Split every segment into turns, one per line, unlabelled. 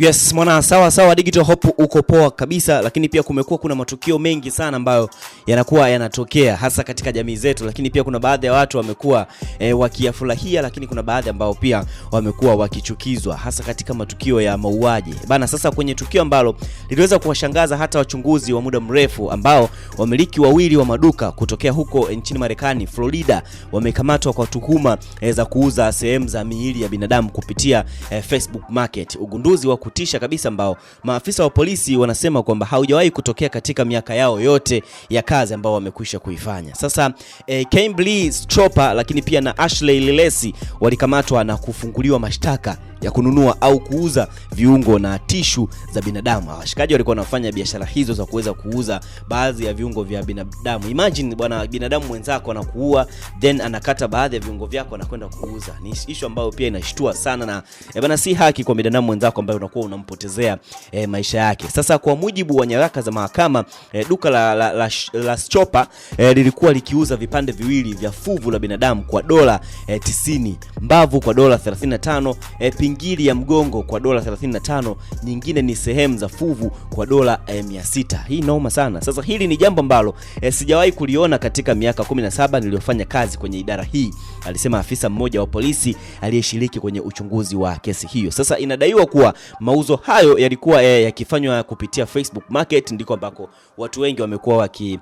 Yes, mwana sawa sawa, Digital Hope uko poa kabisa, lakini pia kumekuwa kuna matukio mengi sana ambayo yanakuwa yanatokea hasa katika jamii zetu, lakini pia kuna baadhi ya watu wamekuwa e, wakiyafurahia, lakini kuna baadhi ambao pia wamekuwa wakichukizwa hasa katika matukio ya mauaji. Bana, sasa kwenye tukio ambalo liliweza kuwashangaza hata wachunguzi wa muda mrefu ambao wamiliki wawili wa maduka kutokea huko nchini Marekani Florida, wamekamatwa kwa tuhuma e, za kuuza sehemu za miili ya binadamu kupitia e, Facebook Market. Ugunduzi wa kutisha kabisa ambao maafisa wa polisi wanasema kwamba haujawahi kutokea katika miaka yao yote ya kazi ambao wamekwisha kuifanya. Sasa eh, Kimberly Stropa lakini pia na Ashley Lilesi walikamatwa na kufunguliwa mashtaka ya kununua au kuuza viungo na tishu za binadamu. Washikaji walikuwa wanafanya biashara hizo za kuweza kuuza baadhi ya viungo vya binadamu. Imagine bwana, binadamu mwenzako anakuua, then anakata baadhi ya viungo vyako kwenda kuuza. Ni ishu ambayo pia inashtua sana, na e eh, bana, si haki kwa binadamu mwenzako ambaye unakuwa unampotezea e, maisha yake. Sasa kwa mujibu wa nyaraka za mahakama e, duka la, la, la, la, la Schopa e, lilikuwa likiuza vipande viwili vya fuvu la binadamu kwa dola e, 90, mbavu kwa dola 35 e, mingili ya mgongo kwa dola 35, nyingine ni sehemu za fuvu kwa dola eh, 600. Hii noma sana. Sasa hili ni jambo ambalo eh, sijawahi kuliona katika miaka 17 niliyofanya kazi kwenye idara hii, alisema afisa mmoja wa polisi aliyeshiriki kwenye uchunguzi wa kesi hiyo. Sasa inadaiwa kuwa mauzo hayo yalikuwa eh, yakifanywa kupitia Facebook Market, ndiko ambako watu wengi wamekuwa waki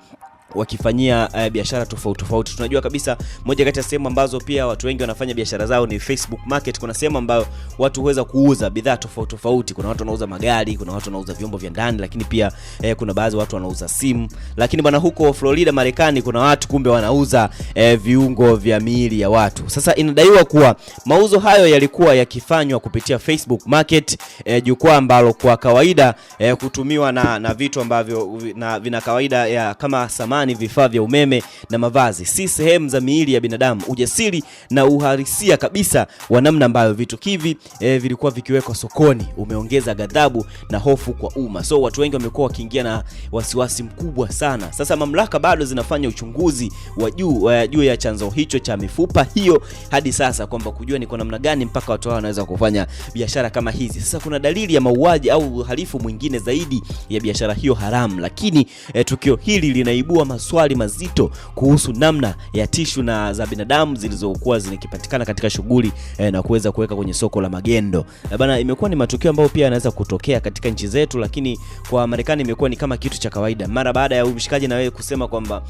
wakifanyia uh, biashara tofauti tofauti. Tunajua kabisa moja kati ya sehemu ambazo pia watu wengi wanafanya biashara zao ni Facebook Market. Kuna sehemu ambayo watu huweza kuuza bidhaa tofauti tofauti. Kuna watu wanauza magari, kuna watu wanauza vyombo vya ndani, lakini pia eh, kuna baadhi watu wanauza simu. Lakini bwana, huko Florida Marekani, kuna watu kumbe wanauza eh, viungo vya miili ya watu. Sasa inadaiwa kuwa mauzo hayo yalikuwa yakifanywa kupitia Facebook Market, eh, jukwaa ambalo kwa kawaida eh, kutumiwa na, na vitu ambavyo na vina kawaida ya kama sama samani, vifaa vya umeme na mavazi si sehemu za miili ya binadamu. Ujasiri na uhalisia kabisa wa namna ambayo vitu hivi e, eh, vilikuwa vikiwekwa sokoni umeongeza ghadhabu na hofu kwa umma. So watu wengi wamekuwa wakiingia na wasiwasi mkubwa sana. Sasa mamlaka bado zinafanya uchunguzi wa juu juu ya chanzo hicho cha mifupa hiyo hadi sasa, kwamba kujua ni kwa namna gani mpaka watu hao wanaweza kufanya biashara kama hizi. Sasa kuna dalili ya mauaji au uhalifu mwingine zaidi ya biashara hiyo haramu, lakini e, tukio hili linaibua maswali mazito kuhusu namna ya tishu na za binadamu zilizokuwa zikipatikana katika shughuli eh, na kuweza kuweka kwenye soko la magendo. Na bana, imekuwa ni matukio ambayo pia yanaweza kutokea katika nchi zetu, lakini kwa Marekani imekuwa ni kama kitu cha kawaida, mara baada ya umshikaji na wewe kusema kwamba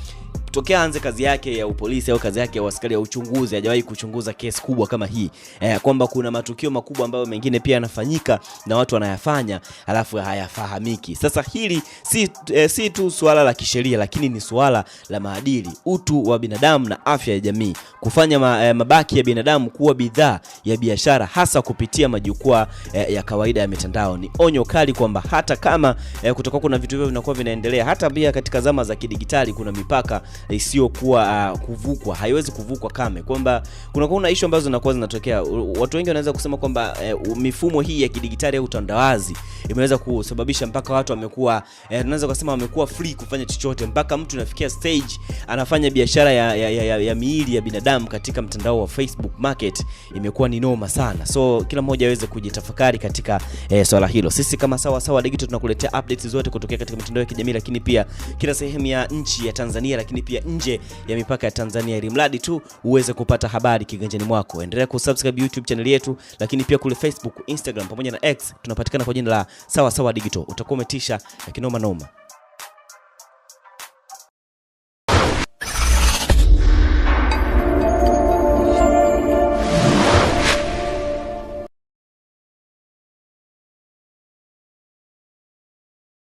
tokea anze kazi yake ya upolisi au kazi yake ya askari ya uchunguzi, hajawahi kuchunguza kesi kubwa kama hii eh, kwamba kuna matukio makubwa ambayo mengine pia yanafanyika na watu wanayafanya alafu hayafahamiki. Sasa hili si, eh, si tu suala la kisheria, lakini ni suala la maadili, utu wa binadamu na afya ya jamii, kufanya ma, eh, mabaki ya binadamu kuwa bidhaa ya biashara, hasa kupitia majukwaa eh, ya kawaida ya mitandao. Ni onyo kali kwamba hata kama eh, kutoka kuna vitu hivyo vinakuwa vinaendelea, hata pia katika zama za kidigitali kuna mipaka isiyokuwa uh, kuvukwa, haiwezi kuvukwa kame, kwamba kuna kuna issue ambazo zinakuwa zinatokea. Watu wengi wanaweza kusema kwamba uh, mifumo hii ya kidigitali au utandawazi imeweza kusababisha mpaka watu wamekuwa uh, tunaweza kusema wamekuwa free kufanya chochote, mpaka mtu nafikia stage anafanya biashara ya, ya, ya, ya, ya miili ya binadamu katika mtandao wa Facebook market. Imekuwa ni noma sana, so kila mmoja aweze kujitafakari katika uh, swala hilo. Sisi kama Sawa Sawa Digital tunakuletea updates zote kutokea katika mitandao ya kijamii, lakini pia kila sehemu ya nchi ya Tanzania, lakini pia nje ya mipaka ya Tanzania, ili mradi tu uweze kupata habari kiganjani mwako. Endelea kusubscribe YouTube channel yetu, lakini pia kule Facebook, Instagram pamoja na X tunapatikana kwa jina la Sawa Sawa Digital. Utakuwa umetisha lakini noma noma.